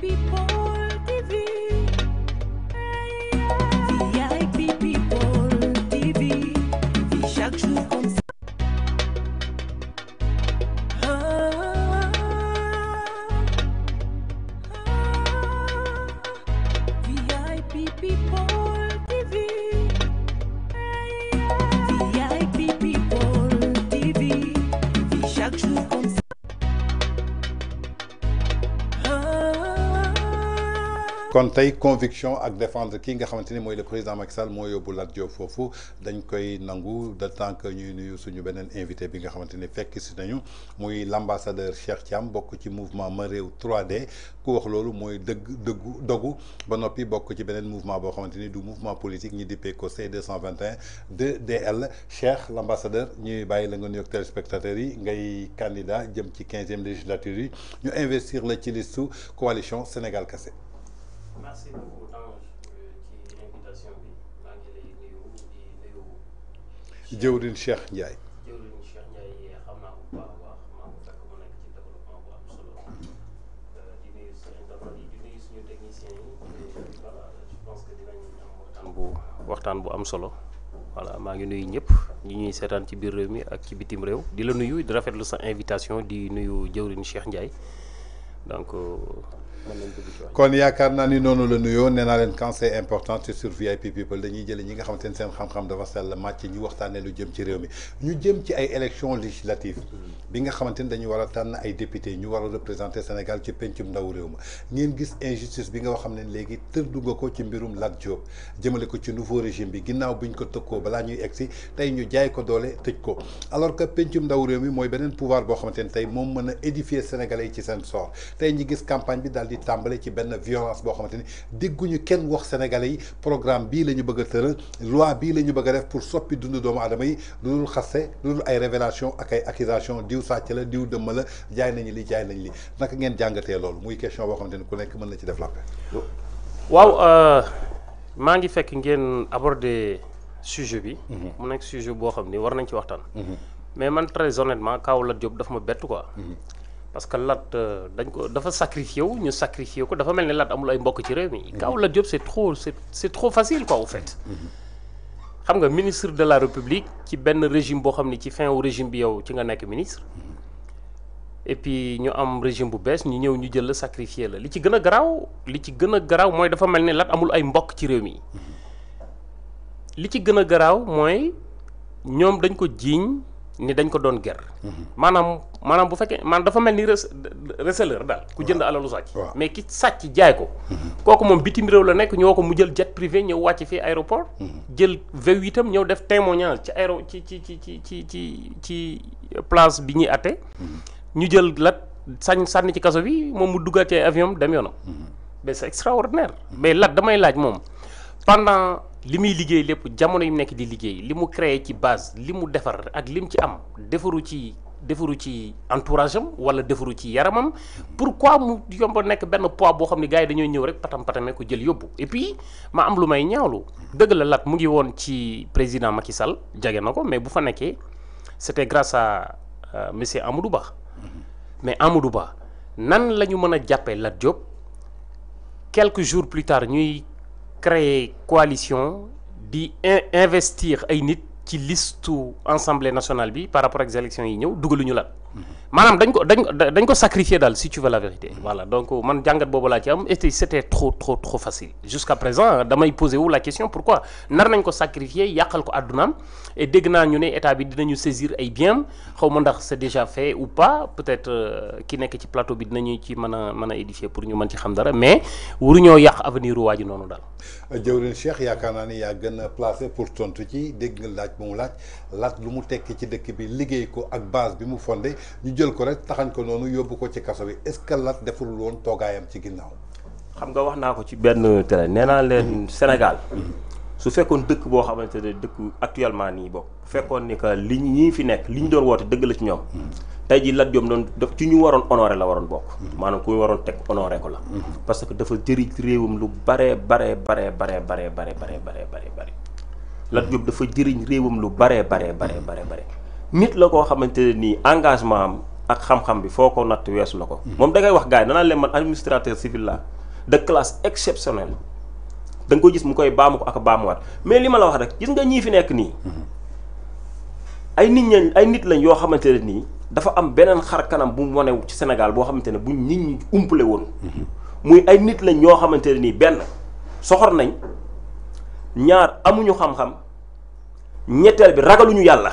people. kon tay conviction ak défendre ki nga xamanteni moy le président Macky Sall moy yóbbu Lat Diop fofu dañ koy nangu de temps que ñuy nuyu suñu benen invité bi nga xamanteni ni fekk si nañu muy l' Cheikh Thiam bokk ci mouvement ma réew 3D ku wax lolu moy deug dëggu dogu ba nopi bokk ci benen mouvement bo xamanteni du mouvement politique ñi dippee ko C221 de dl Cheikh l'ambassadeur ñuy bayyi la nga nuyoog téléspectateurs yi ngay candidat jëm ci 15e législature yi ñu investir la ci listu coalition Sénégal Kase Mersi pou tanj ki Mangele Cheikh Ndiaye. Djourin Cheikh Ndiaye bu am solo. Di nuyu suñu dafa technicien Voilà, je pense que bu am solo. ngi nuyu ñep ñi ñuy sétane ci biir réew mi ak ci bitim réew di la nuyu di rafetlu sa invitation di nuyu jëwrin Cheikh Ndiaye donc euh, kon yaakaar naa ni noonu la nuyoo nee naa leen quand c'est important sur VIP people dañuy jële ñi nga xamante ni seen xam-xam dafa sell màcc ñu waxtaanee lu jëm ci réew mi ñu jëm ci ay élections législatives mm. bi nga xamante ni dañu war a tànn ay député ñu war a représenter Sénégal ci pencum ndaw réew ma ngeen gis injustice bi nga xam ne léegi tëddu nga ko ci mbirum Lat Diop jëmale ko ci nouveau régime bi ginnaaw biñ ko tëkkoo balaa ñuy egsi tey ñu jaay ko doole tëj ko alors que pencum ndaw réew mi mooy beneen pouvoir boo xamante ni tey moom mën a édifier Sénégalais yi ci seen sort tey gis campagne bi daal di tambalé ci ben violence bo xamanteni ni dégguñu kenn wax sénégalais programme bi lañu bëgg a loi bi lañu bëgg def pour soppi dund doom aadama yi lu dul xaste ay révélation ak ay accusation diw sàcc la diw dëmm la jaay nañu li jaay nañu li nak ngeen jangaté loolu muy question bo xamanteni ku nekk mën na ci def lappe waaw euh, ma ngi fekk ngeen aborder sujet bi mhm. mu nekk sujet boo xam ni war nañ ci waxtaan mhm. mais man très honnêtement Kaolack Diop daf ma bett quoi mhm parce que Lat euh, dañ ko dafa sacrifié wu ñu sacrifié ko dafa melni Lat amul ay mbokk ci réew mi. Mm-hmm. kaw la job c'est trop c'est c'est trop facile quoi au fait. Mm-hmm. xam nga ministre de la République ci ben régime bo xamni ci fin au régime bi yow ci nga nek ministre. Mm-hmm. et puis ñu am régime bu bess ñu ñëw ñu jël la sacrifié la li ci gëna graw li ci gëna graw moy dafa melni Lat amul ay mbokk ci réew mi. li ci gëna graw moy ñom dañ ko jiiñ. ni dañ ko doon ger maanaam maanaam bu fekkee maanaam dafa mel ni receleur daal ku jënd alalu sàcc mais ki sàcc jaay ko mhm. kooku moom bitim réew la nekk ñoo ko mu jël jet privé ñëw wàcc fi aéroport mhm. jël V8 ñëw def témoignage ci aéro ci ci ci ci ci ci ci place bi ñuy atte mhm. ñu jël lat sañ sànni ci kaso bi moom mu duggaat ci avion dem yoonam mais c'est extraordinaire mais lat damay laaj moom pendant limi liguey lepp jamono yu nek di liguey limu créer ci base limu mu ak lim ci am defaru ci defaru ci entourage am wala defaru ci yaramam pourquoi mu yombo nek ben poids bo xamni gaay gars yi ñëw rek patam patame ko jël yobbu et puis ma am lu may ñaawlu deug la Lat mu ngi won ci président Macky Sall jage na mais bu fa nekkee c'était grâce à euh, monsieur Amadou Ba mm-hmm. mais Amadou Ba nan lañu mëna jappé a jàppee Lat Diop quelques jours plus tard ñuy créer coalition di investir ay nit ci liste nationale bi par rapport aux élections yi la Madame, dañ ko dañ ko sacrifier si tu veux la vérité voilà donc euh, man jàngat boobu la ci am c'était trop trop trop facile jusqu'à présent hein, damay posé où la question pourquoi nar nañ ko sacrifier yakal ko àddunaam et dégg naa ñu ne état bi dinañu saisir ay biens xaw ma ndax c'est déjà fait ou pas peut-être euh, ki nekk ci plateau bi dinañu ci mën a mën pour ñu mën ci xam dara mais waruñoo yàq avenir waa ji noonu daal. jëwriñ Cheikh yaakaar naa ni yaa gën a placé pour tontu ci dégg nga laaj ba mu laaj laaj lu mu tekki ci dëkk bi ko ak base bi mu fondé ñu jël ko rek taxañ ko noonu yóbbu ko ci kaso bi est-ce que Lat deful woon toogaayam ci ginnaaw. xam nga wax naa ko ci benn télé nee naa leen Sénégal. su fekkoon dëkk boo xamante ne dëkk actuellement nii bokk fekkoon ni que li ñii fi nekk li ñu doon woote dëgg la ci ñoom. tey jii Lat Diop doon def ci ñu waroon honoré la waroon bokk. maanaam ku waroon teg honoré ko la. parce que dafa jëriñ réewam lu baree bare baree baree baree baree baree baree baree. Lat Diop dafa jëriñ réewam lu baree baree baree baree. nit la ko xamante ni engagement am ak xam-xam bi foko nat natt lako mom da ngay wax gaay yi le man administrateur civil la de classe exceptionnelle dang ko gis mu koy baamu ak ak wat mais lima la wax rek gis nga ñi fi nek ni ay nit ay nit lañ yo ni dafa am benen xar kanam bu moné ci Sénégal bo xamante bu nit ñi umplé won muy ay nit lañ ñoo xamante ne soxor nañ ñaar amuñu xam-xam ñettal bi ragaluñu yalla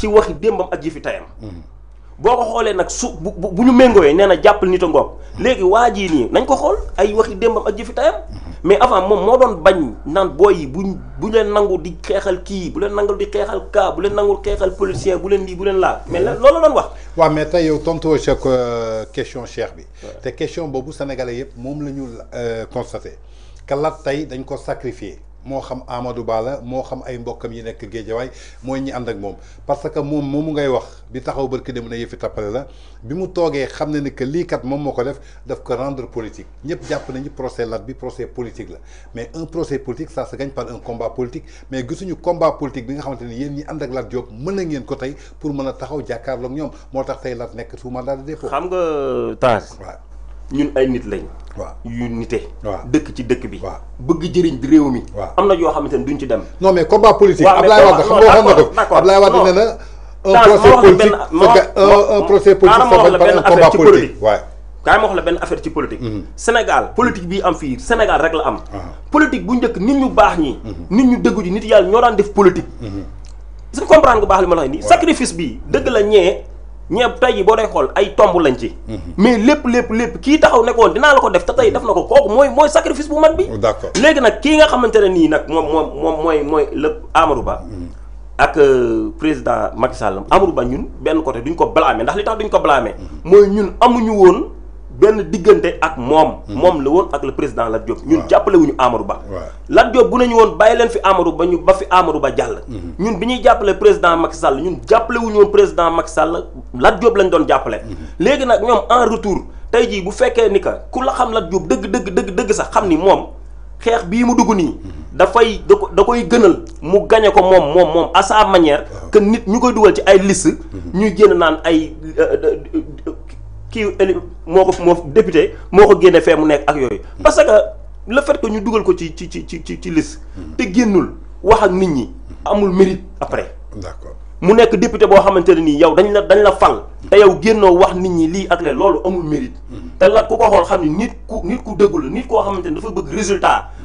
ci waxi démbam ak jëfi tayam boo ko xoolee nag su bu bu ñu méngooyee nee na jàppal nit a ngoog léegi waa jii nañ ko xol ay waxi démbam ak jëfi tayam mais avant mom mo doon bañ nan boy yi buñ bu leen nangu di xéxal ki bu leen nangu di xéxal ka bu leen nangu xéxal policier bu leen lii bu leen laa mais loolu doon wax. wa mais tay yow tonto chaque euh, question cheikh bi. té question bobu sénégalais yépp mom lañu constater euh, constaté que lat tey dañ ko sacrifier moo xam Amadou Ba la moo xam ay mbokkam yi nekk Géejawaay mooy ñi ànd ak moom parce que moom moomu ngay wax bi taxaw barki dem na yëfi tappale la bi mu toogee xam ne ni que lii kat moom moo ko def daf ko rendre politique ñëpp jàpp nañu procès lat bi procès politique la mais un procès politique ça se gagne par un combat politique mais gisuñu combat politique bi nga xamante ni yéen ñi ànd ak Lat Diop mën na ngeen ko tey pour mën a taxaw jàkkaarloog ñoom moo tax tey Lat nekk sous mandat de dépôt. xam nga ñun ay nit lañ. waaw yu nite. waaw dëkk ci dëkk bi. bëgg jëriñ réew mi. waaw am na joo xamante ne duñ ci dem. non mais combat politique. waaw Ablaye Wade xam na ko Ablaye Wade nee na. un procès politique un procès politique ça par un ma wax la benn affaire ci politique. Mm-hmm. Sénégal mm-hmm. politique bi am fii Sénégal rek la am. Ah. politique bu njëkk nit ñu baax ñi. Mm-hmm. nit ñu dëggu ji nit yàlla ñoo daan def politique. suñ comprendre nga baax li ma la wax nii sacrifice bi dëgg la ñee. ñeeb tey ji boo day xool ay tomb lañ ci. mais lépp lépp lépp kii taxaw nekkoon dinaa la ko def te tey def na ko kooku mooy mooy sacrifice bu mat bi. Oh, d'accord léegi nag kii nga xamante ne nii nag moom moom moom mooy mooy lépp Amadou Ba. ak euh, président Macky Sall Amadou Ba ñun benn côté duñ ko blâmer ndax li tax duñ ko blâmer. mooy ñun amuñu woon. Ben digënté ak mom mom mhm. la ak le président Lat Diop. ñun jappalé wuñu Amadou Ba. Lat Diop bu fi Amadou Ba ba fi Amadou Ba jall mhm. ñun Nous président Macky ñun jappalé wuñu président Macky Sall lañ doon mhm. en retour tay ji bu féké ni que ku la xam Lat Diop deug deug deug sax ni mom. mu da fay da koy gënal mu ko sa manière. que nit ñukoy duggal ci ay liste qui est député qui a fait parce que le fait que nous ko ci de ci ci liste. génnul mérite après. d'accord mu député la dañ la mérite. Mm-hmm. ni nit nit ku résultat.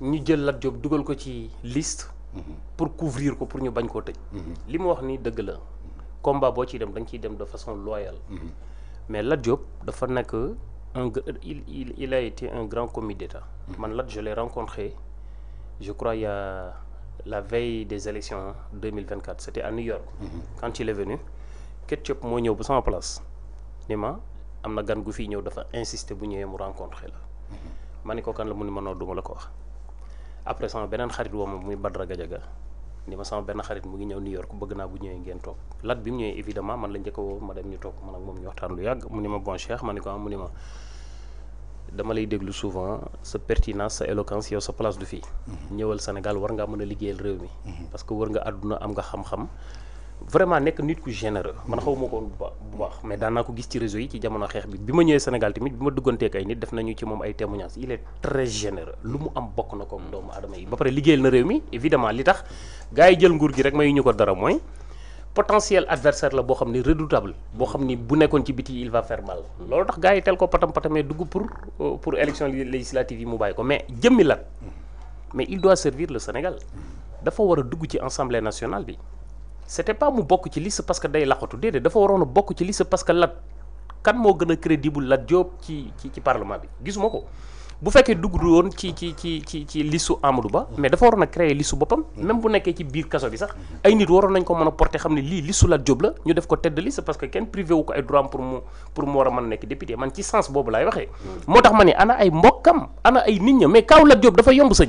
ñu jël la job dugal ko ci liste. Mhm. pour couvrir ko pour ñu bañ ko tëj. Mhm. li mu wax ni deug la combat bo ci dem da ci dem de façon loyale. Mhm. mais la job dafa nek un il il a été un grand commis d'État. man la je l'ai rencontré je crois il y a la veille des élections 2024 hein, c'était à New York. quand il est venu Ketchup mo ñeu bu sama place ni ma am gan gu fii ñëw dafa insister bu ñëwee mu rencontrer la. ma ko kan la mu ne duma la ko wax. après sama beneen xarit woo ma muy Badra Gajaga ni ma sama benn xarit mu ngi ñëw New York bëgg naa bu ñëwee ngeen toog lat bi mu ñëwee évidemment man la njëkk a ma dem ñu toog man ak moom ñu waxtaan lu yàgg mu ni ma bon Cheikh ma ni ko am ah, mu ni ma dama lay déglu souvent sa pertinence sa éloquence yow sa place du fii mhm. ñëwal Sénégal war ngaa mën a liggéeyal réew mi mhm. parce que war nga àdduna am nga xam-xam vraiment nek nit ku généreux man xaw ma bu baax mais daan naa ko gis ci réseau yi ci jamono xex bi bima ma Sénégal tamit bima dugonté ak ay nit def nañu ci mom ay témoignages il est très généreux lu mu am bokk na ko doomu aadama yi ba paré liggéeyal na réew mi évidemment li tax gaay jël nguur gi rek may ñu ko dara moy potentiel adversaire la bo xamni redoutable bo xamni bu nekkoon ci biti il va faire mal lolu tax gaay yi ko patam patamee dugg pour euh, pour élection législative yi mu bay ko mais jëmmi la mais il doit servir le Sénégal dafa war a dugg ci assemblée nationale bi c'était pas mu bok ci liste parce que day laxatu dede dafa waroon bok bokk ci liste parce que Lat kan mo gëna crédible Lat Diop ci ci ci parlement bi gisumako bu fekkee dugg woon ci ci ci ci ci listu Amadou Ba mais dafa waroon créer listu boppam même bu nekké ci biir kasso bi sax ay nit waroon nañ ko mëna porter xamni li lii listu Lat Diop la ñu def ko tête de liste parce que ken privé wu ko ay droit pour mu pour mo wara a nekk député man ci sens bobu lay waxé mm. motax tax ma ana ay mbokkam ana ay nit ña mais kaw Lat Diop dafa yomb sëñ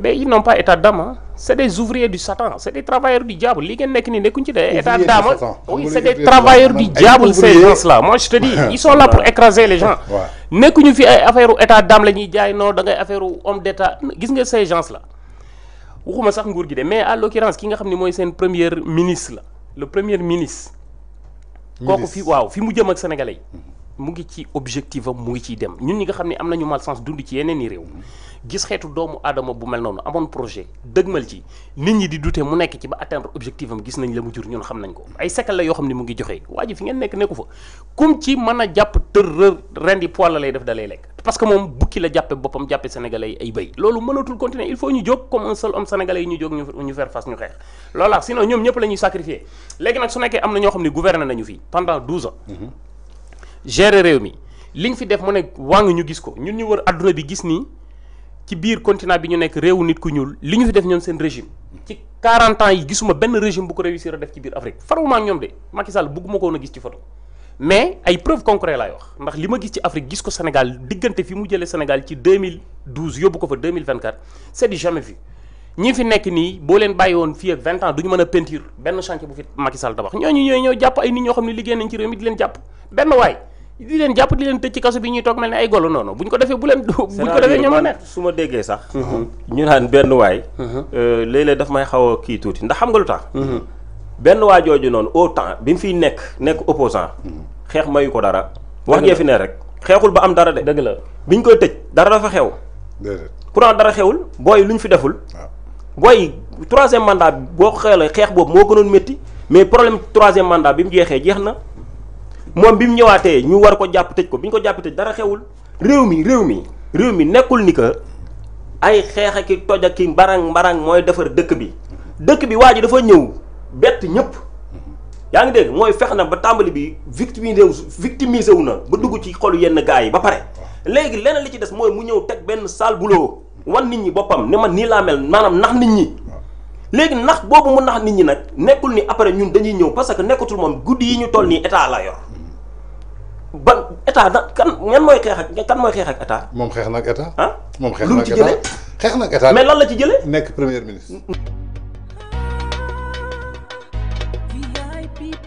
mais ils n'ont pas état d'âme hein. c'est des ouvriers du satan c'est des travailleurs du diable oui c'est des travailleurs du diable ces gens là moi je te dis ils sont là pour écraser les gens affaire d'âme d'état ces gens là mais à l'occurrence ki nga premier ministre le premier ministre mu ngi ci objectif am mu ngi ciy dem ñun ñi nga xam ne am nañu malchance dund ci yeneen i réew gis xeetu doomu aadama bu mel noonu amoon projet dëgmal ci nit ñi di dute mu nekk ci ba atteindre objectif gis nañ la mu jur ñun xam nañ ko ay sekkal la yoo xam ne mu ngi joxe waa fi ngeen nekk nekku fa kum ci mën a jàpp tër ren di poil la lay def da lekk parce que moom bukki la jàppe boppam jàppe sénégalais yi ay béy loolu mënatul continuer il faut ñu jóg comme un yi ñu jóg ñu faire face ñu xeex loolaa sinon ñoom ñëpp la ñuy sacrifier léegi am na ñoo xam ne gouverner fii pendant 12 gérer réew mi li fi def mo ne wàng ñu gis ko ñun ñu wër adduna bi gis ni ci biir continent bi ñu nekk réewu nit ku ñuul li ñu fi def ñoom seen régime ci 40 ans yi gisuma benn régime bu ko réussir def ci biir Afrique farawuma ak ñoom de Macky Sall bugguma ko woon gis ci photo mais ay preuve concret laay wax ndax li ma gis ci Afrique gis ko Sénégal diggante fi mu jëlee Sénégal ci 2012 yóbbu ko fa 2024 c'est du jamais vu ñi fi nekk nii boo leen bàyyi woon fii ak 20 ans duñu ñu mën a peinture benn chantier bu fi Macky Sall tabax ñooñu ñooy ñoo jàpp ay nit ñoo xam ne liggéey nañ ci réew mi di leen jàpp benn waay di leen jàpp di leen tëj ci kaso bi ñuy toog mel ne ay golo noonu bu ñu ko defee bu leen. bu ñu ko defee ñoom nekk su ma déggee sax. Mhm. ñu naan benn waay. Mhm. Euh, léeg-léeg daf may xaw a kii tuuti ndax xam nga lu tax. Mhm. benn waa jooju noonu au temps bi mu fiy nekk nekk opposant xeex mayu ko dara. wax jee fi ne rek xeexul ba am dara de. dëgg la bi ñu koy tëj dara dafa xew. pourtant dara xewul booy lu ñu fi deful. booy troisième mandat boo xoolee xeex boobu moo ko gënoon métti mais problème troisième mandat bi mu jeexee jeex na. mom bim mu ñu war ko japp tej ko biñ ko japp tej dara xewul réew mi réew mi réew mi nekkul ni que ay xeex ak toj ak barang mbarang mbarang mooy defar dëkk bi dëkk bi waji dafa ñëw bett ñëpp ya nga dégg moy fex na ba tambali bi victimisé victimisé wu na ba dugg ci xol yenn gaay ba pare léegi leneen li ci des moy mu ñëw tek benn sal boulot wan nit ñi bopam ne man ni la mel manam nax nit ñi nakh nax bobu mu nax nit ñi nak nekkul ni après ñun dañuy ñëw parce que nekkutul mom goudi yi ñu toll ni état la yor ban état da kan ñan mooy xeex ak kan mooy xeex ak moom xeex na ak état. ah moom xeex na ak état lu mu ci jëlee. xeex na ak état la ci jëlee. nekk premier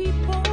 ministre.